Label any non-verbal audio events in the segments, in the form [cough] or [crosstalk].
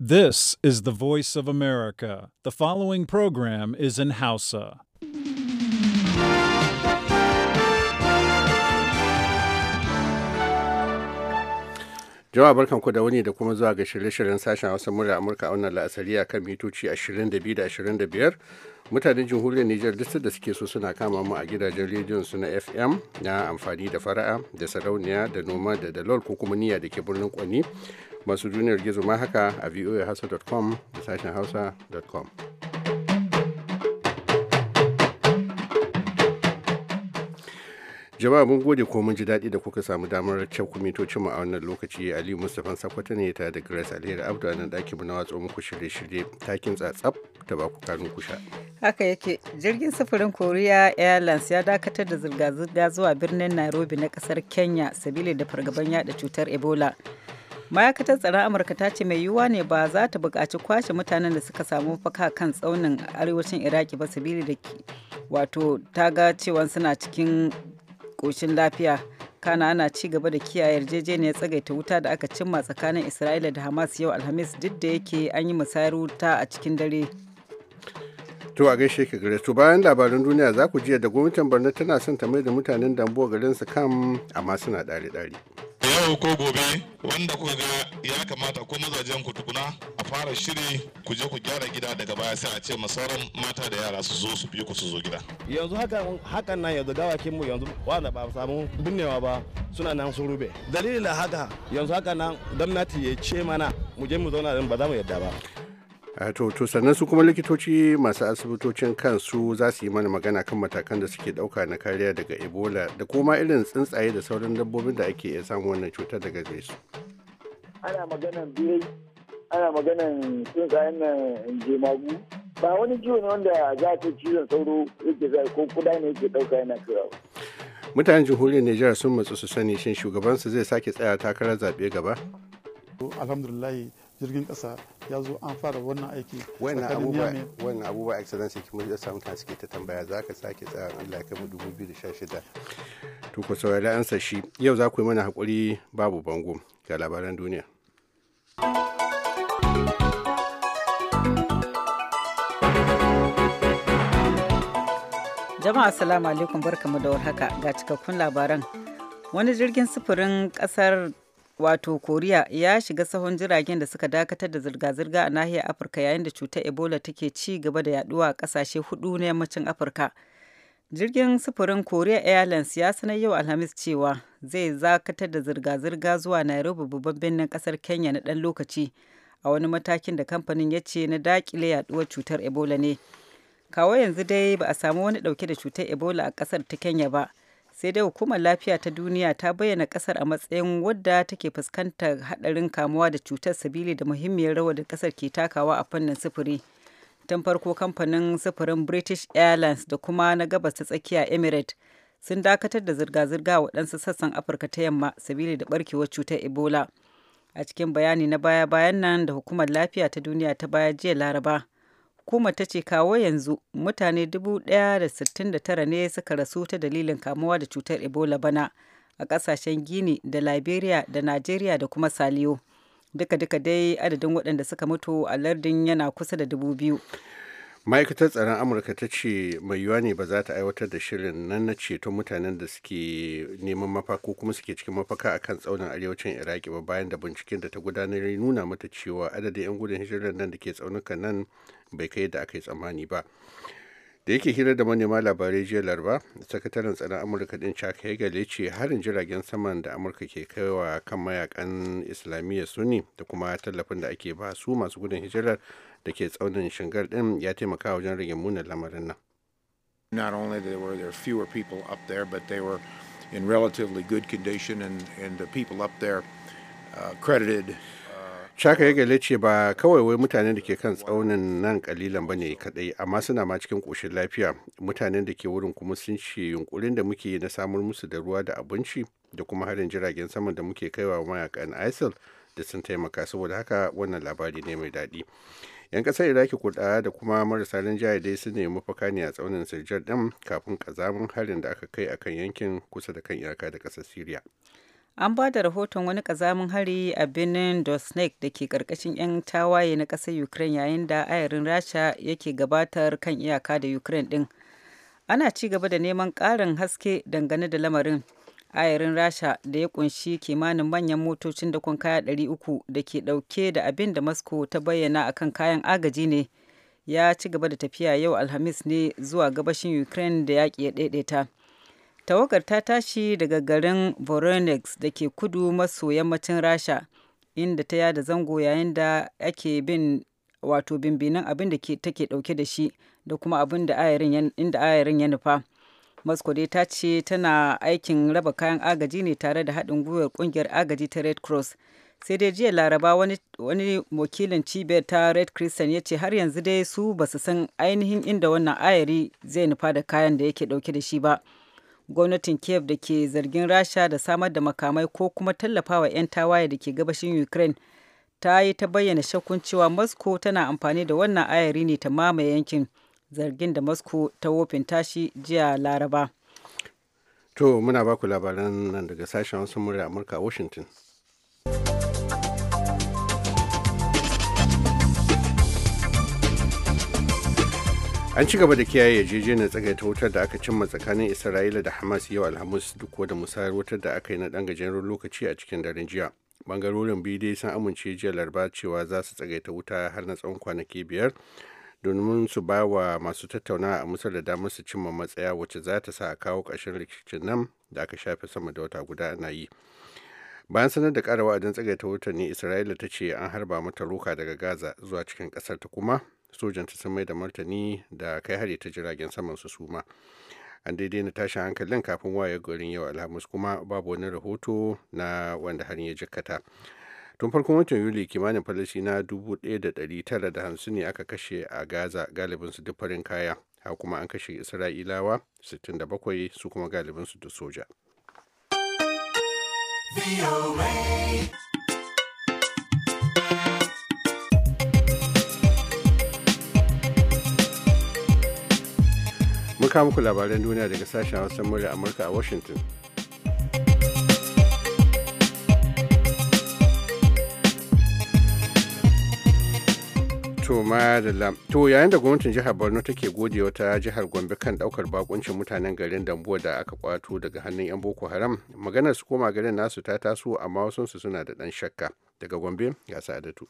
This is the voice of America. The following program is in Hausa. Jawa barkanku da wani da kuma zuwa ga shirye-shiryen sashen Hausa murya Amurka a wannan la'asari a kan mitoci 22 da 25. Mutanen jamhuriyar Nijar duk da suke so suna kama mu a gidajen rediyon su na FM na amfani da fara'a da sarauniya da noma da dalol ko kuma niyya da ke birnin Kwani masu duniyar gizo ma haka a voahausa.com da sashen hausa.com jama'a mun gode ko mun ji daɗi da kuka samu damar cin kwamitocin mu a wannan lokaci ali mustapha sakwata ne ta da grace alheri abdu a nan ɗakin na watsa muku shirye-shirye takin tsatsab ta ba ku kanun kusha haka yake jirgin sufurin korea airlines ya dakatar da zirga-zirga zuwa birnin nairobi na kasar kenya sabili da fargaban yada cutar ebola ma'aikatar tsaron amurka ta ce mai yiwuwa ne ba za ta buƙaci kwashe mutanen da suka samu mafaka kan tsaunin arewacin iraki ba sabili da wato ta ga cewa suna cikin ƙoshin lafiya kana ana ci gaba da kiyaye yarjejeniyar tsagaita wuta da aka cimma tsakanin isra'ila da hamas yau alhamis duk da yake an yi musayar wuta a cikin dare To a gaishe ka gare to bayan labaran duniya za ku jiya da gwamnatin Borno tana son ta mai da mutanen Dambuwa garin su kam amma suna dare dare. Yau ko gobe wanda ku ga ya kamata ko mazajen ku tukuna a fara shiri ku je ku gyara gida daga baya sai a ce ma sauran mata da yara su zo su bi ku su zo gida. Yanzu hakan hakan nan yanzu gawakin mu yanzu wanda ba samu binnewa ba suna nan su rube. Dalilin haka yanzu haka nan gwamnati ya ce mana mu je mu zauna ba za mu yadda ba. Eh, to to sannan su kuma likitoci masu asibitocin kansu za su yi mana magana kan matakan da suke dauka na kariya daga ebola da kuma irin tsuntsaye da sauran dabbobin da ake iya samun wannan cutar daga gare su ana maganan biyu ana maganan tsuntsayen nan jemagu ba wani ciwo ne wanda za ta cizon sauro yake zai ko kuda ne yake dauka yana ba. mutanen jamhuriyar nijar sun matsu su sani shin shugabansu zai sake tsaya takarar zaɓe gaba alhamdulillah jirgin kasa ya zo an fara wannan aiki wannan abubuwa excellence kuma ya samu ta suke ta tambaya za ka sake tsayan allah ya dubu to ku saurari ansa shi yau za ku yi mana hakuri babu bango ga labaran duniya jama'a assalamu alaikum barkamu da warhaka ga cikakkun labaran wani jirgin sufurin kasar wato koriya ya shiga sahun jiragen da suka dakatar da zirga-zirga a nahiyar afirka yayin da cutar ebola take ci gaba da yaduwa a kasashe hudu na yammacin afirka jirgin sufurin korea airlines ya sanar yau alhamis cewa zai zakatar da zirga-zirga zuwa nairobi babban birnin kasar kenya na dan lokaci a wani matakin da kamfanin ya ce na dakile yaduwar cutar ebola ne kawo yanzu dai ba a samu wani dauke da cutar ebola a kasar ta kenya ba sai dai hukumar lafiya ta duniya ta bayyana kasar a matsayin wadda take fuskantar hadarin kamuwa da cutar sabili da muhimmiyar rawar da kasar ke takawa a fannin sufuri tun farko kamfanin sufurin british airlines da kuma na gabas ta tsakiya emirates sun dakatar da zirga-zirga a waɗansu sassan afirka ta yamma sabili da barkewar cutar ebola a cikin bayani na baya-bayan nan da hukumar lafiya ta duniya ta baya jiya laraba hukumar ta ce kawo yanzu mutane 1,069 ne suka rasu ta dalilin kamuwa da cutar ebola bana a kasashen gini da liberia da nigeria da kuma saliyo duka-duka dai adadin waɗanda suka mutu a lardin yana kusa da dubu ma'aikatar tsaron amurka ta ce mai yiwuwa ne ba za ta aiwatar da shirin nan na ceton mutanen da suke neman mafaka ko kuma suke cikin mafaka akan tsaunin arewacin iraki ba bayan da binciken da ta gudanar nuna mata cewa adadin 'yan gudun hijirar nan da ke tsaunukan nan bai kai yadda aka yi tsammani ba da yake hira da manema labarai jiya laraba sakataren tsaron amurka din chuck hagel ya ce harin jiragen saman da amurka ke kaiwa kan mayakan islamiyya sunni da kuma tallafin da ake ba su masu gudun hijirar da ke tsaunin shingar din ya taimaka wajen rage munin lamarin nan not only there were there fewer people up there but they were in relatively good condition and and the people up there uh, credited Chaka ya gale ce ba kawai wai mutanen da ke kan tsaunin nan kalilan ba ne kadai amma suna ma cikin koshin lafiya mutanen da ke wurin kuma sun ce yunkurin da muke na samar musu da ruwa da abinci da kuma harin jiragen saman da muke kaiwa mayakan ISIL da sun taimaka saboda haka wannan labari ne mai daɗi. 'yan kasar iraki kuɗa da kuma marasa ran jihar dai su nemi mafaka ne a tsaunin sirjar din kafin kazamin harin da aka kai akan yankin kusa da kan iyaka da ƙasar syria an ba da rahoton wani kazamin hari a birnin dosnek da ke karkashin 'yan tawaye na ƙasar ukraine yayin da ayarin rasha yake gabatar kan iyaka da ukraine din ana ci gaba da neman ƙarin haske dangane da lamarin ayarin rasha da ya kunshi kimanin manyan motocin da kaya 300 da ke ɗauke da abin da moscow ta bayyana akan kayan agaji ne ya ci gaba da tafiya yau alhamis ne zuwa gabashin ukraine da yaƙi ya ɗaiɗaita tawagar ta tashi daga garin voronex da ke kudu maso yammacin rasha inda ta yada zango yayin da ake bin wato binbinan abin da take dauke da shi da kuma abin da ayarin ya nufa moscow dai ta ce tana aikin raba kayan agaji ne tare da haɗin gwiwar ƙungiyar agaji ta red cross sai dai jiya laraba wani, wani wakilin cibiyar ta red christian ya ce har yanzu dai su basu san ainihin inda wannan ayari zai nufa da kayan da yake dauke da shi ba gwamnatin kiev da ke zargin rasha da samar da makamai ko kuma tallafawa 'yan tawaye da ke gabashin ukraine ta yi ta bayyana shakkun cewa moscow tana amfani da wannan ayari ne ta mamaye yankin zargin da moscow ta wofin tashi jiya laraba to muna baku labaran nan daga sashen wasu murya amurka washington an ci gaba da kiyaye yarjejeniyar tsagaita wutar da aka cimma tsakanin isra'ila da hamas yau alhamis duk da musayar wutar da aka yi na dan gajeren lokaci a cikin daren jiya bangarorin biyu dai sun amince jiya laraba cewa za su tsagaita wuta har na tsawon kwanaki biyar domin su ba wa masu tattauna a musar da damar su cimma matsaya wacce za ta sa a kawo ƙarshen rikicin nan da aka shafe sama da wata guda ana yi bayan sanar da ƙara wa'adin tsagaita wutar ne isra'ila ta ce an harba mata roka daga gaza zuwa cikin ƙasar ta kuma sojanta sun mai da martani da kai hari ta jiragen saman su suma an daidai na tashi hankalin kafin waye garin yau alhamis kuma babu wani rahoto na wanda har ya jikkata tun farkon watan yuli kimanin falasina 1950 ne aka kashe a gaza galibin su duk farin kaya ha kuma an kashe isra'ilawa 67 su kuma galibin su da soja mun kawo muku labaran duniya daga sashen hausa murya amurka a washington to yayin da gwamnatin jihar borno take gode wata jihar gombe kan daukar bakuncin mutanen garin dambuwa da aka kwato daga hannun yan boko haram maganar su koma garin nasu ta taso amma wasu suna da dan shakka daga gombe ga sa'adatu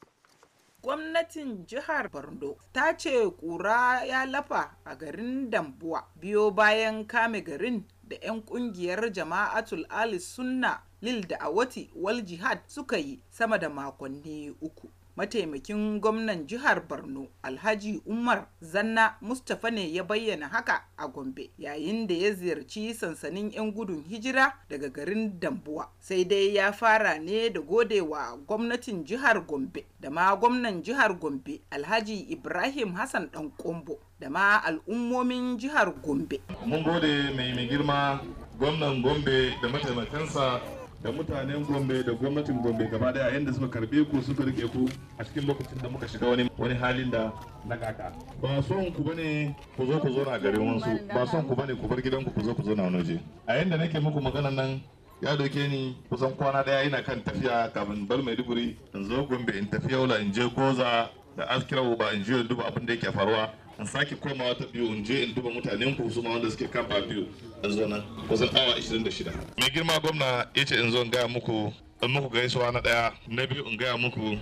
gwamnatin jihar borno ta ce kura ya lafa a garin dambuwa biyo bayan kame garin da 'yan kungiyar jama'atul ali sunna lil da awati wal jihad suka yi sama da makonni uku mataimakin gwamnan jihar borno alhaji umar zanna mustapha ne ya bayyana haka a gombe yayin da ya ziyarci sansanin 'yan gudun hijira daga garin dambuwa sai dai ya fara ne da godewa gwamnatin jihar gombe da ma gwamnan jihar gombe alhaji ibrahim hassan dan kombo da ma al'ummomin jihar gombe mun gode mai girma gwamnan gombe da mataimakansa da mutanen gombe da gwamnatin gombe gaba daya yadda suka karbe ku suka rike ku a cikin lokacin da muka shiga wani halin da na kaka ba son ku bane ku zo ku zo na garin wansu ba son ku bane ku bar gidan ku zo ku zo wani waje a yadda nake muku maganan nan ya doke ni kusan kwana daya yana kan tafiya kafin bar maiduguri in zo gombe in tafi yaula in je koza da askirawo ba in je duba abin da yake faruwa in sake komawa ta biyu in je in duba mutanen ku su ma wanda suke kan biyu in zo nan kusan awa 26 mai girma gwamna ya ce in zo in gaya muku in muku gaisuwa na daya na biyu in gaya muku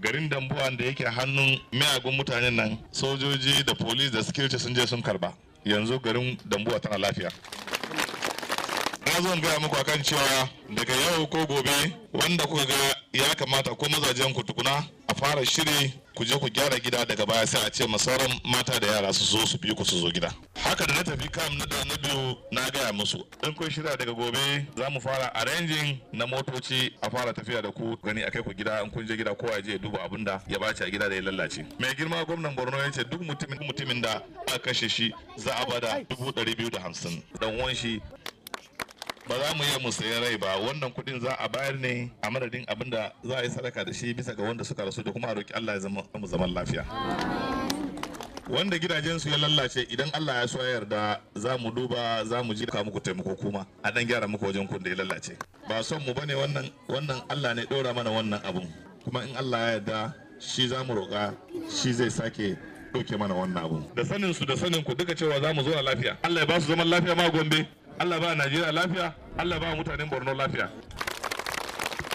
garin dambuwa da yake hannun miyagun mutanen nan sojoji da police da security sun je sun karba yanzu garin dambuwa tana lafiya na zo gaya muku akan cewa daga yau ko gobe wanda kuka ga ya kamata ko mazajen ku tukuna a fara shiri ku je ku gyara gida daga baya sai a ce ma sauran mata da yara su zo su bi ku su zo gida haka da na tafi kam na na biyu na gaya musu in kun shirya daga gobe za mu fara arranging na motoci a fara tafiya da ku gani akai ku gida in kun je gida kowa je duba abin da ya bace a gida da ya lallace mai girma gwamnan borno ya ce duk mutumin da aka kashe shi za a bada dubu ɗari biyu da hamsin dan uwan ba za mu iya mu sayi rai ba wannan kuɗin za a bayar ne a madadin abin da za a yi sadaka da shi bisa ga wanda suka rasu da kuma a roki Allah ya zama mu zaman lafiya wanda gidajensu ya lallace idan Allah ya so ya yarda za mu duba za mu ji ka muku taimako kuma a dan gyara muku wajen kun da ya lallace ba son mu bane wannan wannan Allah ne dora mana wannan abun kuma in Allah ya yarda shi za mu roƙa shi zai sake ɗauke mana wannan abun da sanin su da sanin ku duka cewa za mu zo lafiya Allah ya ba su zaman lafiya ma Gombe Allah ba Najeriya lafiya Allah ba mutanen Borno lafiya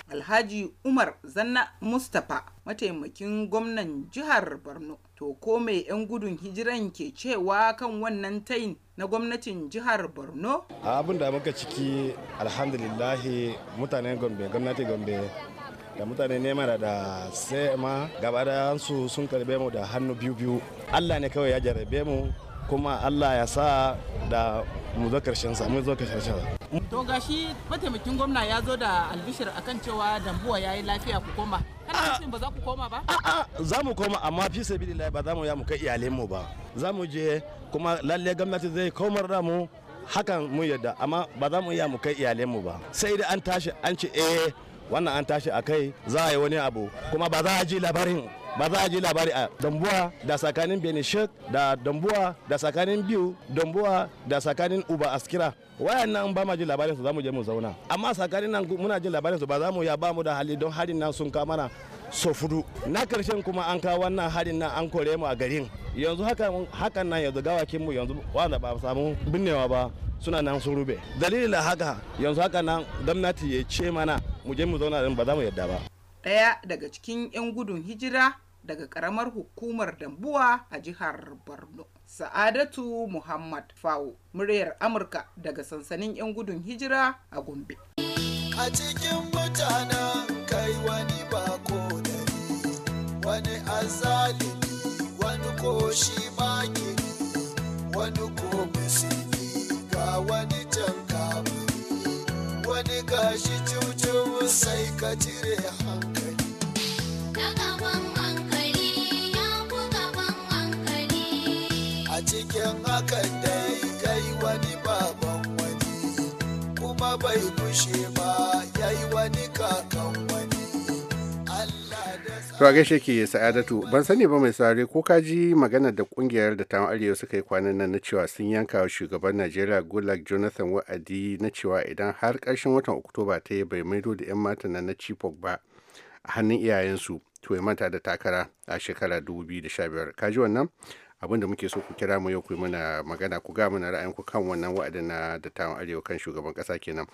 Alhaji Umar Zanna Mustapha mataimakin gwamnan jihar Borno to ko mai 'yan gudun hijiran ke cewa kan wannan tayin na gwamnatin jihar Borno? Abin da muka ciki alhamdulillahi mutanen Gombe gwamnati Gombe da mutane nema da sema gaba da su sun karbe mu da hannu biyu biyu Allah ne kawai ya jarabe mu kuma Allah ya sa da mu zo karshen sa mu zo karshen sa to gashi mataimakin gwamna ya zo da albishir akan cewa dambuwa yayi lafiya ku koma kana cikin ba za ku koma ba a'a za mu koma amma fi sabilillah ba za mu ya mu kai iyalen mu ba za mu je kuma lalle gwamnati zai komar da mu hakan mun yadda amma ba za mu iya mu kai iyalen mu ba sai da an tashi an ce eh wannan an tashi a kai za a yi wani abu kuma ba za a ji labarin ba za a ji labari a dambuwa da tsakanin benishek da dambuwa da tsakanin biyu dambuwa da tsakanin uba askira wayan nan ba ma ji labarin su za mu je mu zauna amma tsakanin nan muna ji labarin su ba za mu ya ba mu da hali don harin nan sun kama na so fudu na karshen kuma an kawo wannan harin nan an kore mu a garin yanzu hakan hakan nan yanzu gawakin mu yanzu wanda ba samu binnewa ba suna nan sun rube dalilin da haka yanzu haka nan gwamnati ya ce mana mu je mu zauna ba za mu yadda ba daya daga cikin yan gudun hijira daga karamar hukumar Dambuwa a jihar Borno. Sa'adatu Muhammad Fawo, muryar Amurka daga sansanin 'yan gudun hijira a Gombe. A cikin mutanen kai wani bako dari, wani azali, wani ko shi wani ko musulmi, ga wani can wani gashi cimcim sai ka cire to a gaishe ke sa'adatu ban sani ba mai sare ko ka ji maganar da kungiyar da ta arewa suka yi kwanan nan na cewa sun yanka wa shugaban najeriya goodluck jonathan wa'adi na cewa idan har karshen watan oktoba ta yi bai maido da 'yan mata na chibok ba a hannun iyayensu to ya manta da takara a shekara 2015 ka ji wannan abin da muke so ku kira mu yau ku mana magana ku ga mana ra'ayinku kan wannan wa'adin na dattawan arewa kan shugaban kasa kenan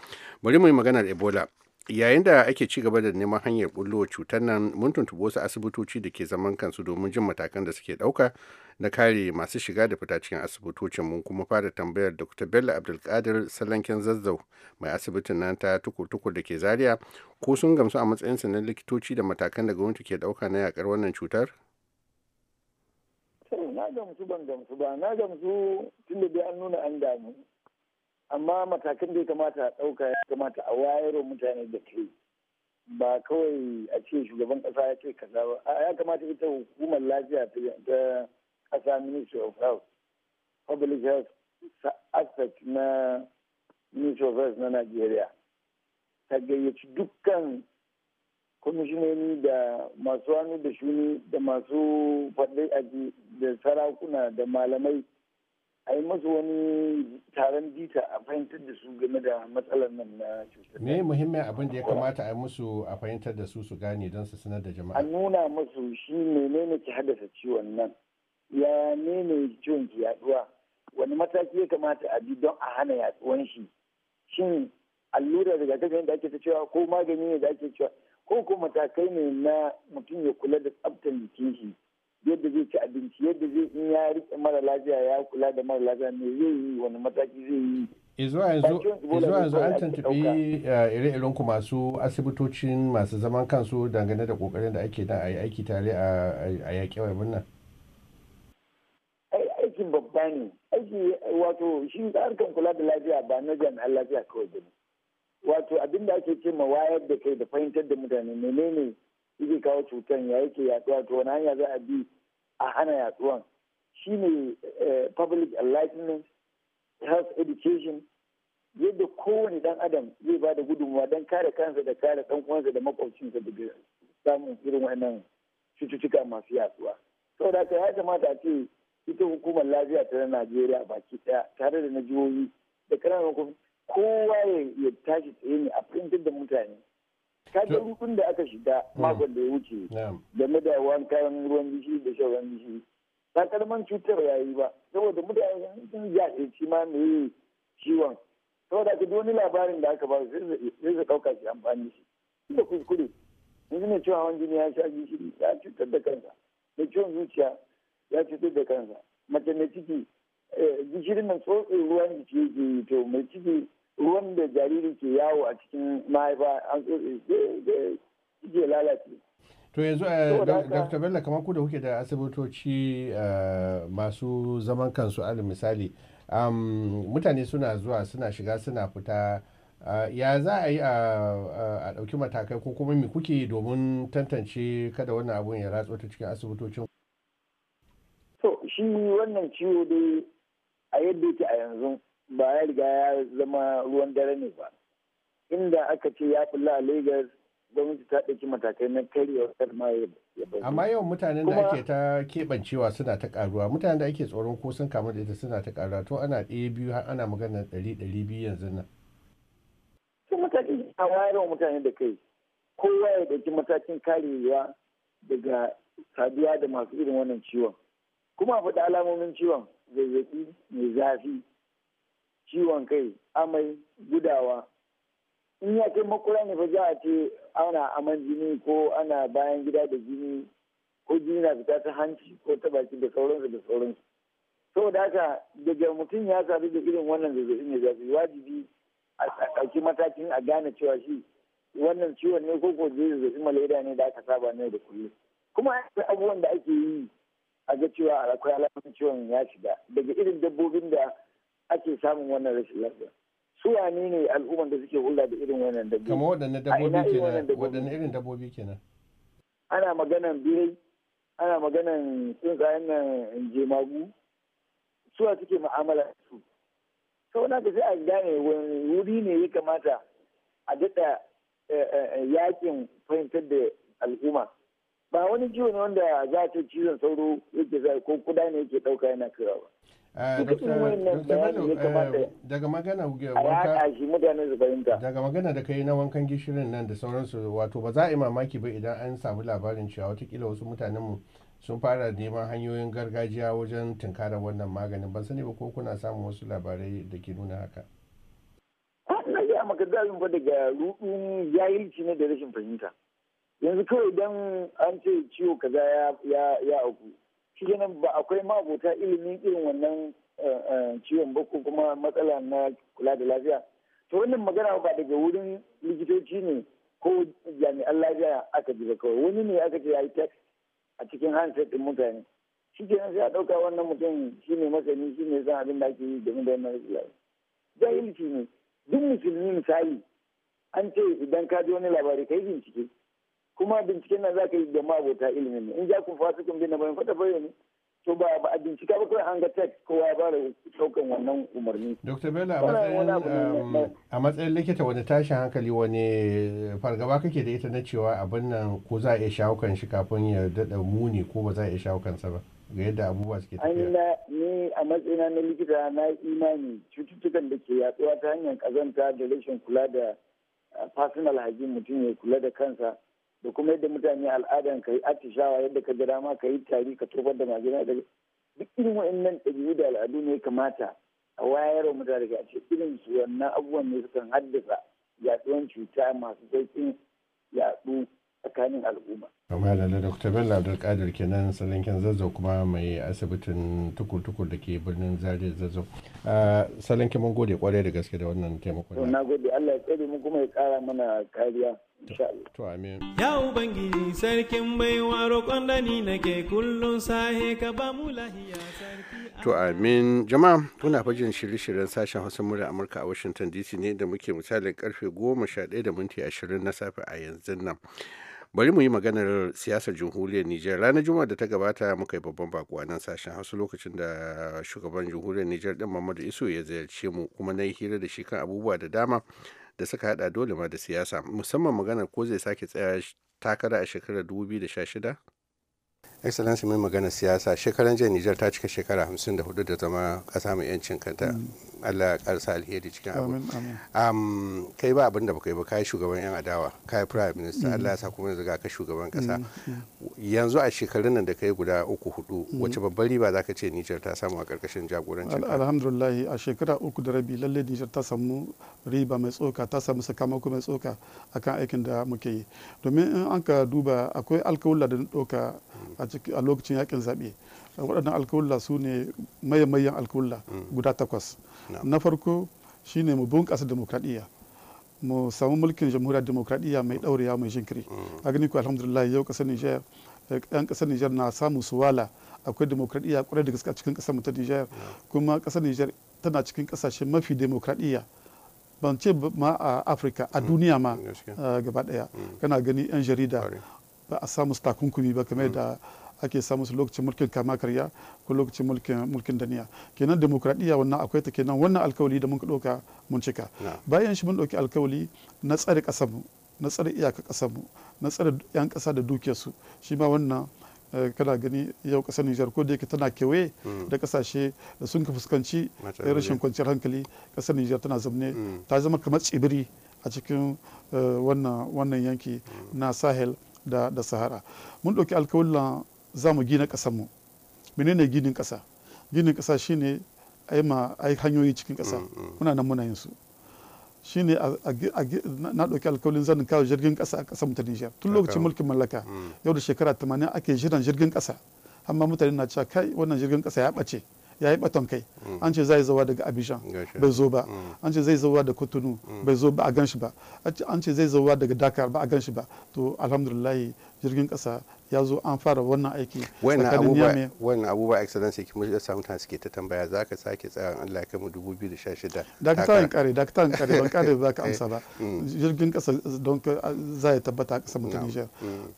bari mu yi maganar ebola yayin da ake ci gaba da neman hanyar bullowa cutar nan mun tuntubi wasu asibitoci da ke zaman kansu domin jin matakan da suke ɗauka na kare masu shiga da fita cikin asibitocin mun kuma fara tambayar kuta bello abdulkadir salanken zazzau mai asibitin nan ta tukur-tukur da ke zaria ko sun gamsu a matsayinsu na likitoci da matakan da gwamnati ke ɗauka na yakar wannan cutar na gamsu ban gamsu ba na gamsu tunda dai an nuna an damu amma matakan da ya kamata a ɗauka ya kamata a wayar wa mutane da kai ba kawai a ce shugaban ƙasa ya ce kaza ba a ya kamata ita hukumar lafiya ta ƙasa ministry of health public health asset na ministry of health na nigeria ta gayyaci dukkan kwamishinoni da masu hannu da shuni da masu faɗi aji da sarakuna da malamai a yi masu wani taron bita a fahimtar da su game da matsalar nan na cutar. Me muhimmin abin da ya kamata a yi musu a fahimtar da su su gane don su sanar da jama'a? A nuna musu shi menene ke haddasa ciwon nan, ya nene ciwon ke yaduwa, wani mataki ya kamata a bi don a hana yaduwan shi. Shin allura rigakafin da ake ta cewa ko magani ne da ake cewa ko ko matakai ne na mutum ya kula da tsaftar jikin shi yadda zai ci abinci yadda zai in ya rike mara lafiya ya kula da mara lafiya ne zai yi wani mataki zai yi izuwa yanzu an tuntubi eh, ire-iren ku masu asibitocin masu zaman kansu dangane da kokarin da ake da a yi aiki tare a yaƙi wa nan. aikin babba ne aiki wato shi harkar kula da lafiya ba na jami'an lafiya kawai ba ne wato abin da ake cewa wayar da kai da fahimtar da mutane menene yake kawo cutar ya yake yaduwa to wani hanya za a bi a hana yaduwan shine eh, public enlightenment health education yadda kowane dan adam zai ba da gudunmuwa don kare kansa da kare dan da makwabcinsa daga samun irin wannan cututtuka masu yaduwa saboda haka ya kamata a ce ita hukumar lafiya ta na Najeriya baki daya tare da na jihohi da ƙananan kowa ya tashi tsaye ne a fahimtar da mutane ka ga rukun da aka shiga hmm. makon da ya wuce game da wankan ruwan gishi da shan ruwan gishi ba karaman cutar ya yi ba saboda mutane sun ce shi ma me ciwon saboda ka wani labarin da aka ba sai su ɗauka shi amfani shi inda kuskure yanzu ne cewa hawan jini ya sha gishi ya cutar da kansa da ciwon zuciya ya cutar da kansa mace mai ciki eh, gishirin nan tsotse ruwan jiki yake yi to mai ciki ruwan da jariri ke yawo a cikin mahaifa an je eh, lalace to yanzu eh, dr bello kamar ku da kuke da asibitoci eh, masu zaman kansu alal misali mutane suna zuwa suna shiga suna fita ya za a yi a ɗauki matakai ko kuma me kuke domin tantance kada wannan abun ya ratso ta cikin asibitocin to shi wannan ciwo dai a yadda yake a yanzu ba ya riga ya zama ruwan dare ne ba inda aka ce ya fula a lagos gwamnati ta ɗauki matakai na karyar kar ma ya amma yawan mutanen da ake ta keɓancewa suna ta ƙaruwa mutanen da ake tsoron ko sun kamu da ita suna ta ƙaruwa to ana ɗaya biyu har ana magana ɗari ɗari biyu yanzu nan. sun mataki a wayarwa mutane da kai kowa ya ɗauki matakin karewa daga saduwa da masu irin wannan ciwon kuma a faɗi alamomin ciwon zazzaɓi mai zafi ciwon kai amai gudawa in ya kai makura ne fa za a ce ana aman jini ko ana bayan gida da jini ko jini na fita ta hanci ko ta baki da sauransu da sauransu saboda haka daga mutum ya sadu da irin wannan zazzabi ne zafi wajibi a ɗauki matakin a gane cewa shi wannan ciwon ne ko ko zazzabi malaria ne da aka saba ne da kullum kuma akwai abubuwan da ake yi a ga cewa akwai alamun ciwon ya shiga daga irin dabbobin da ake samun wannan rashin lafiya su wani ne al'umman da suke hulɗa da irin wannan dabbobi kamar waɗanne dabbobi kenan waɗanne irin dabbobi kenan ana maganan birai ana maganan tsuntsayen nan jemagu a suke mu'amala su sau na sai a gane wani wuri ne ya kamata a daɗa eh, eh, yakin fahimtar da al'umma ba wani ciwo ne wanda za a ce cizon sauro yake zai ko kuda ne yake ɗauka yana kira ba Eh, eh, daga magana daga magana da kai na wankan gishirin nan da sauransu wato ba za a yi mamaki ba idan an samu labarin cewa watakila wasu mutanenmu sun fara neman hanyoyin gargajiya wajen tunkara wannan maganin ban sani ba ko kuna samun wasu labarai da ke nuna haka na a ba daga rudin jahilci ne da rashin fahimta yanzu kawai idan an ce ciwo kaza ya auku shi ne ba akwai mabuta ilimin irin wannan eh, eh, ciwon ba ko kuma matsala na kula da lafiya to wannan magana ba daga wurin likitoci ne ko jami'an lafiya aka ji kawai wani ne aka ce ya yi tax a cikin handset din mutane shi ke sai a ɗauka wannan mutum shi ne masani shi ne san abin da ake yi domin da wannan da lafiya jahilci ne duk musulmi misali an ce idan ka ji wani labari ka yi bincike kuma bincike na za ka yi da mabota ilimi ne in ja ku fasa kun bin bayan fata bayo to ba a bincika ba kawai an ga tek kowa ba da saukan wannan umarni. Dr. Bello um, a matsayin likita wani tashin hankali wani fargaba kake da ita na cewa abin nan ko za a iya shawo kan shi kafin ya daɗa muni ko ba za a iya shawo kansa ba ga yadda abubuwa suke tafiya. ni a matsayina na likita na imani cututtukan da ke yatsuwa ta hanyar kazanta da rashin kula da uh, personal hajji mutum ya kula da kansa. da kuma yadda mutane al'adan ka yi atishawa yadda ka jira ma ka yi tari ka tofar da majina da duk irin wa'annan ɗabi'u da al'adu ne kamata a wayar wa mutane ga ce irin su wannan abubuwan ne sukan haddasa yaɗuwan cuta masu sauƙin yaɗu tsakanin al'umma. da dr bello abdulkadir kenan salinkin zazzau kuma mai asibitin tukur-tukur da ke birnin zaria zazzau ah, salinkin mun gode kwarai da gaske da wannan taimakon na gode allah ya tsare mu kuma ya kara mana kariya Ya Ubangiji sarkin baiwa roƙon nake kullum sahe ka ba lahiya To amin jama'a kuna fajin shirye-shiryen sashen Hausa murya Amurka a Washington DC ne da muke misalin karfe 11 da minti 20 na safe a yanzu nan. Bari mu yi maganar siyasar jamhuriyar Nijar ranar Juma'a da ta gabata muka yi babban bako a nan sashen Hausa lokacin da shugaban jamhuriyar Nijar din mamadu Isu ya ziyarce mu kuma na yi hira da shi kan abubuwa da dama. da suka hada dole ma da siyasa musamman maganar ko zai sake tsaya takara a shekarar 2016 excellency mai magana siyasa shekaran jiya nijar ta cika shekara 54 da zama kasa mai yancin kanta mm. allah karsa alheri cikin abu kai ba abin da baka yi ba kai shugaban yan adawa kai prime minister mm. allah sa kuma ga ka shugaban kasa mm, yanzu a shekarun nan da kai guda uku hudu wace babbar riba zaka ce nijar ta samu a karkashin jagorancin alhamdulillah a shekara uku da rabi lalle nijar ta samu riba mai tsoka ta samu sakamako mai tsoka akan aikin da muke yi domin in an ka duba akwai alkawulla da doka a a lokacin yakin zaɓe waɗannan alkawulla su ne mayan alkawulla mm. guda takwas na farko shine mu bunƙasa demokradiyya mu samu mulkin jamhuriyar demokradiyya mai ɗaurewa mai shinkiri mm. a gani ku alhamdulillah yau ƙasar niger ɗan eh, ƙasar niger na samu suwala akwai demokradiyya ƙwarai da gaske a cikin ƙasar mu ta nijar kuma ƙasar niger tana cikin ƙasashe mafi demokradiyya ban ce ma a afirka a mm. duniya ma eh, gaba ɗaya kana gani yan jarida ba a samu takunkumi ba kamar da ake samu su lokacin mulkin kama karya ko lokacin mulkin mulkin daniya kenan demokradiyya wannan akwai ta kenan wannan alkawali da muka ɗauka mun cika bayan shi mun ɗauki alkawali na tsare ƙasarmu na tsare iyaka ƙasarmu na tsare 'yan ƙasa da dukiyarsu shi ma wannan eh, kana gani yau kasar Nijar ko da yake tana kewaye mm. da kasashe da sun ka fuskanci eh, rashin kwanciyar hankali kasar Nijar tana zamne mm. ta zama kamar tsibiri a cikin eh, wannan yanki mm. na Sahel da da Sahara mun ɗauki alkawulan za mu gina mu menene ginin ƙasa ginin ƙasa shine a yi hanyoyi cikin ƙasa mm, mm. muna nan muna yin su shine na ɗauki alkawalin zanin kawo jirgin ƙasa a ƙasar mutane Nijar tun lokacin mulkin mallaka mm. yau da shekara 80 ake jiran jirgin kasa amma mutane na cewa kai wannan jirgin kasa ya ɓace ya yi ɓaton kai an ce zai zawa daga abidjan bai zo ba mm. an ce zai zawa da kotunu mm. bai zo ba a gan shi ba an ce zai zawa daga dakar ba a gan shi ba to alhamdulillah jirgin kasa ya zo an fara wannan aiki wannan abubuwa excellency kuma ya samu ta suke ta tambaya za ka sake tsayan allah dubu biyu kai mu 2016 dakatarin kare dakatarin kare ban kare za ka amsa ba [laughs] eh, mm. jirgin kasa don za ya tabbata a kasar mutum nijar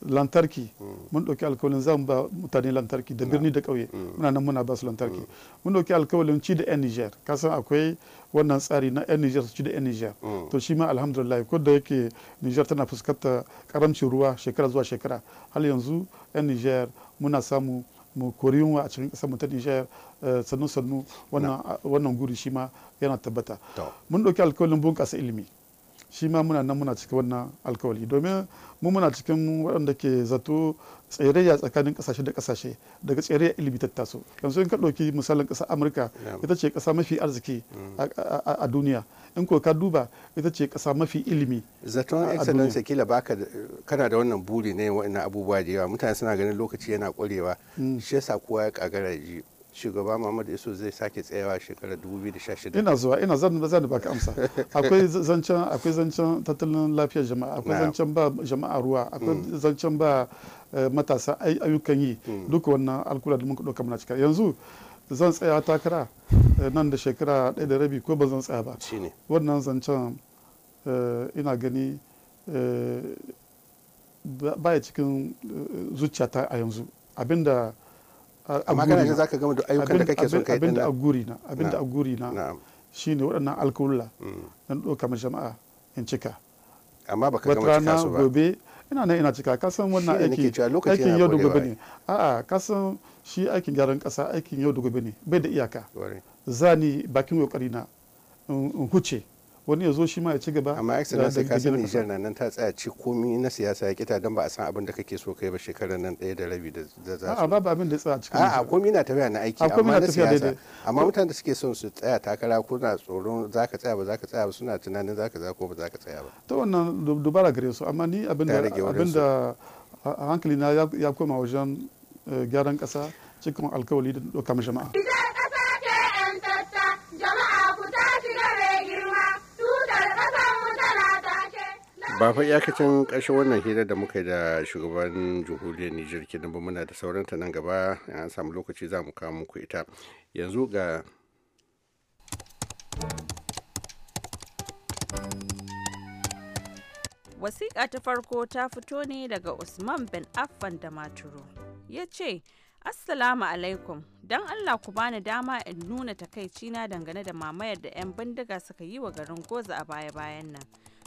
lantarki mun ɗauki alkawalin mu ba mutane lantarki da birni da ƙauye muna nan muna ba su lantarki mun ɗauki alkawalin don ci da 'yan Nijar kasan akwai wannan tsari na 'yan Nijar su ci da 'yan Nijar mm. to shi ma alhamdulillah ko da yake Nijar tana fuskanta karamcin ruwa shekara zuwa shekara hal yanzu 'yan muna samu mu kori yunwa a cikin kasar mu ta Nijar eh, sannu sannu wannan guri shi ma yana tabbata mun ɗauki alkawalin bunƙasa ilimi shi ma muna nan muna cikin wannan alkawali domin mu muna cikin waɗanda ke zato tserayya tsakanin kasashe da kasashe daga tserayya ilimi ta taso yanzu in ka ɗauki misalin ƙasar amurka ita ce ƙasa mafi arziki mm. a duniya in ko ka duba ita ce ƙasa mafi ilimi a duniya kila baka kana da wannan buri ne wa'annan abubuwa da yawa mutane suna ganin lokaci yana ƙwarewa mm. shi yasa kowa ya kagara ji shugaba muhammadu isu zai sake tsayawa shekarar 2016 ina zuwa ina zan zan baka amsa akwai zancen akwai zancen tattalin lafiyar jama'a akwai zancen ba jama'a ruwa akwai mm. zancen ba eh, matasa ayyukan yi mm. duka wannan alkula da muka dauka muna cika yanzu zan tsaya takara eh, nan da shekara ɗaya da rabi ko ba zan tsaya ba wannan zancen eh, ina gani baya cikin zuciyata a yanzu abinda amma kana shi zaka gama da ayyukan da kake so kai abinda a guri na abinda a guri na shine waɗannan alkawulla nan mm. ɗauka ma jama'a in cika amma baka gama cika su ba gobe ina nan ina cika kasan wannan aiki aikin yau da gobe ne a'a kasan shi aikin gyaran ƙasa aikin yau da gobe ne bai da iyaka zani bakin kokari na in huce wani ya zo shi ma ya ci gaba amma excellency ka san Niger na nan ta tsaya ci komi na siyasa ya kita don ba a san abin da kake so kai ba shekarar nan ɗaya da rabi da za su a'a babu abin da tsaya cikin a'a komi na tafiya na aiki amma na siyasa amma mutanen da suke son su tsaya takara ko na tsoron zaka tsaya ba zaka tsaya ba suna tunanin zaka za ko ba zaka tsaya ba ta wannan dubara gare su amma ni abin da abin da hankali na ya koma wajen eh, gyaran kasa cikin alkawali da dokar jama'a ba fa iyakacin ƙarshen wannan hira da muka yi da shugaban jamhuriyar nijar kenan ba muna da sauranta nan gaba an samu lokaci za mu kawo muku ita yanzu ga wasiƙa ta farko ta fito ne daga usman bin affan da maturu ya ce Assalamu alaikum. Don Allah ku bani dama in nuna takaicina dangane da mamayar da 'yan bindiga suka yi wa garin Goza a baya-bayan nan.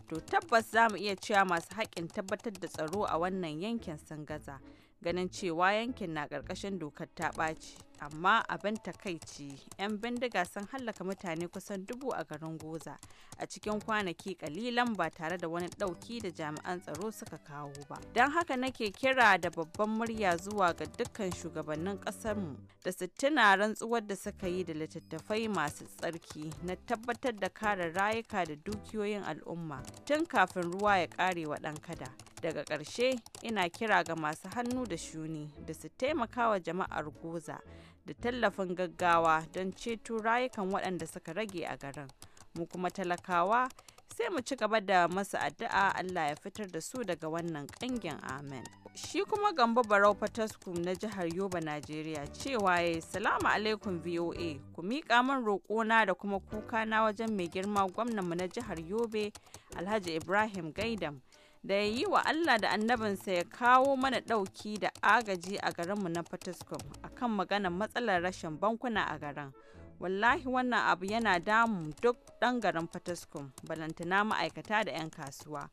to tabbas za mu iya cewa masu haƙƙin tabbatar da tsaro a wannan yankin sun gaza ganin cewa yankin na ƙarƙashin dokar ta ɓaci. amma abin takaici 'yan bindiga sun hallaka mutane kusan dubu a garin goza a cikin kwanaki kalilan ba tare da wani ɗauki da jami'an tsaro suka kawo ba don haka nake kira da babban murya zuwa ga dukkan shugabannin mu da su tuna rantsuwar da suka yi da littattafai masu tsarki na tabbatar da kare rayuka da dukiyoyin al'umma tun kafin ruwa ya ƙare wa ɗan kada daga ƙarshe ina kira ga masu hannu da shuni da su taimaka wa jama'ar goza da tallafin gaggawa don ceto rayukan waɗanda suka rage a garin mu kuma talakawa sai mu ci gaba da masu addu'a Allah ya fitar da su daga wannan kangin amen shi kuma Gambo barau fataskum na jihar yoba najeriya cewa ya salamu alaikum voa ku miƙa min roƙona da kuma kuka na wajen mai girma gwamnanmu na jihar yobe alhaji ibrahim gaidam da ya yi wa Allah da annabinsa ya kawo mana ɗauki da agaji a garinmu na Fataskum a kan maganar matsalar rashin bankuna a garin. Wallahi wannan abu yana damu duk ɗan garin Fataskum, balantana ma'aikata da 'yan kasuwa.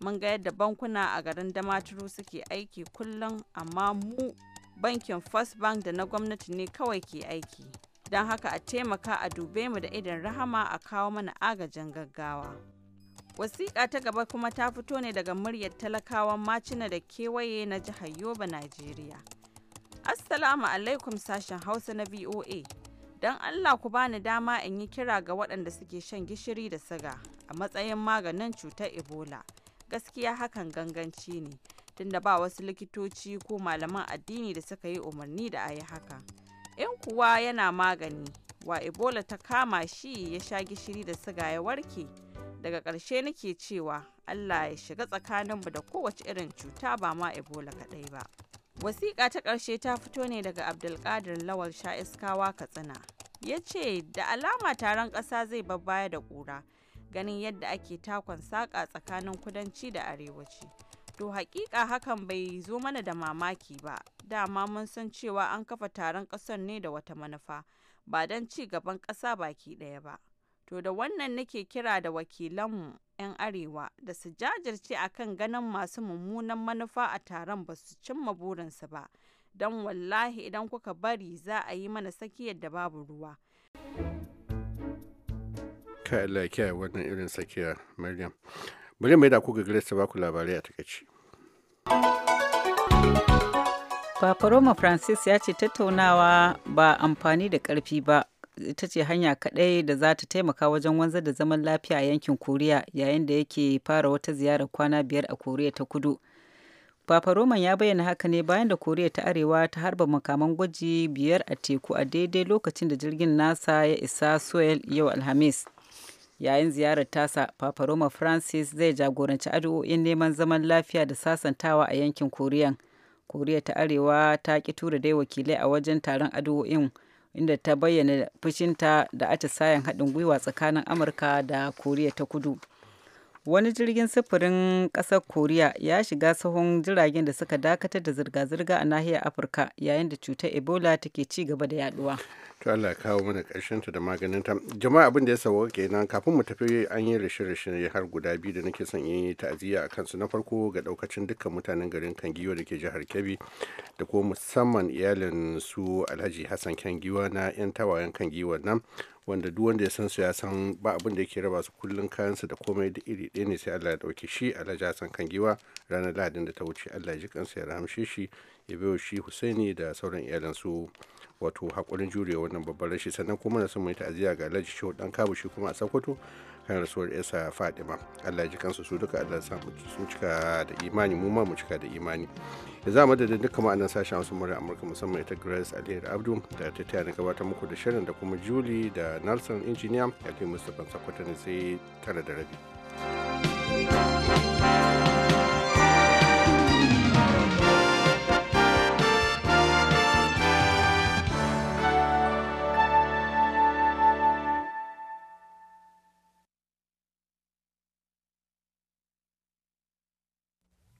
Mun ga yadda bankuna a garin Damaturu suke aiki kullum amma mu bankin First Bank da na gwamnati ne kawai ke aiki. Don haka a taimaka a dube mu da idan rahama a kawo mana agajin gaggawa. Wasiƙa ta gaba kuma ta fito ne daga muryar talakawan macina da kewaye na jihar Yoba, Najeriya. Assalamu alaikum sashen Hausa na VOA. Don Allah ku bani dama in yi kira ga waɗanda suke shan gishiri da siga a matsayin maganin cutar Ebola. Gaskiya hakan ganganci ne, tunda ba wasu likitoci ko malaman addini da suka yi umarni da a yi haka In kuwa yana magani, wa Ebola ta kama shi ya sha gishiri da siga ya warke. daga ƙarshe nake cewa allah ya shiga tsakaninmu da kowace irin cuta ba ma ebola kaɗai ba wasiƙa ta ƙarshe ta fito ne daga abdulkadir lawal sha iskawa katsina ya ce da alama taron ƙasa zai babbaya da ƙura ganin yadda ake takon saƙa tsakanin kudanci da arewaci to haƙiƙa hakan bai zo mana da mamaki ba dama mun san cewa an kafa taron ƙasar ne da wata manufa ba don ci gaban ƙasa baki ɗaya ba To da wannan nake kira da wakilanmu 'yan Arewa da su jajirce a kan ganin masu mummunan manufa a taron ba su cimma burinsu ba, don wallahi idan kuka bari za a yi mana saki da babu ruwa. Ka Allah wannan irin sakiya, Maryam. Bari mai da Grace labarai a takaici. Papa Francis ya ce tattaunawa ba amfani da ƙarfi ba ita ce hanya kaɗai da za ta taimaka wajen wanzar da zaman lafiya a yankin koriya yayin da yake fara wata ziyarar kwana biyar a koriya ta kudu Papa Roman ya bayyana haka ne bayan da Koriya ta Arewa ta harba makaman gwaji biyar a teku a daidai lokacin da jirgin NASA ya isa Seoul yau Alhamis. Yayin ziyarar tasa, Papa Roma Francis zai jagoranci addu'o'in neman zaman lafiya da sasantawa a yankin Koriyan. Koriya ta Arewa ta ki tura dai wakilai a wajen taron addu'o'in inda ta bayyana fushinta da atisayen haɗin gwiwa tsakanin amurka da koriya ta kudu wani jirgin sufurin ƙasar koriya ya shiga sahun jiragen da suka dakatar da zirga-zirga a nahiyar afirka yayin da cutar ebola take ci gaba da yaduwa to Allah kawo mana ta da ta jama'a abin da ya sauwa kenan kafin mu tafi an yi rashe-rashe har guda biyu da nake son yi ta'aziyya a kansu na farko ga daukacin dukkan mutanen garin kangiwa da ke jihar kebbi da kuma musamman iyalin su alhaji hassan kangiwa na yan tawayen kangiwa nan wanda duk wanda ya san su ya san ba abin da yake raba su kullun kayansu da komai da iri ɗaya ne sai Allah ya dauke shi alhaji hassan kangiwa ranar lahadin da ta wuce Allah ya ji kansa ya rahamshe shi ya biyo shi husaini da sauran iyalan su wato haƙurin jurewa wannan babban rashi sannan kuma na son mu yi ta'aziyya ga alhaji shehu dan kabu shi kuma a sokoto kan rasuwar yasa Fatima allah ji kansu su duka allah sa mu su cika da imani mu ma mu cika da imani ya za mu da dukkan ma'anar sashen wasu murar amurka musamman ita grace aliyar abdu da ta taya na gabatar muku da shirin da kuma julie da nelson injiniya ya kai mustapha sakwato ne sai tara da rabi thank you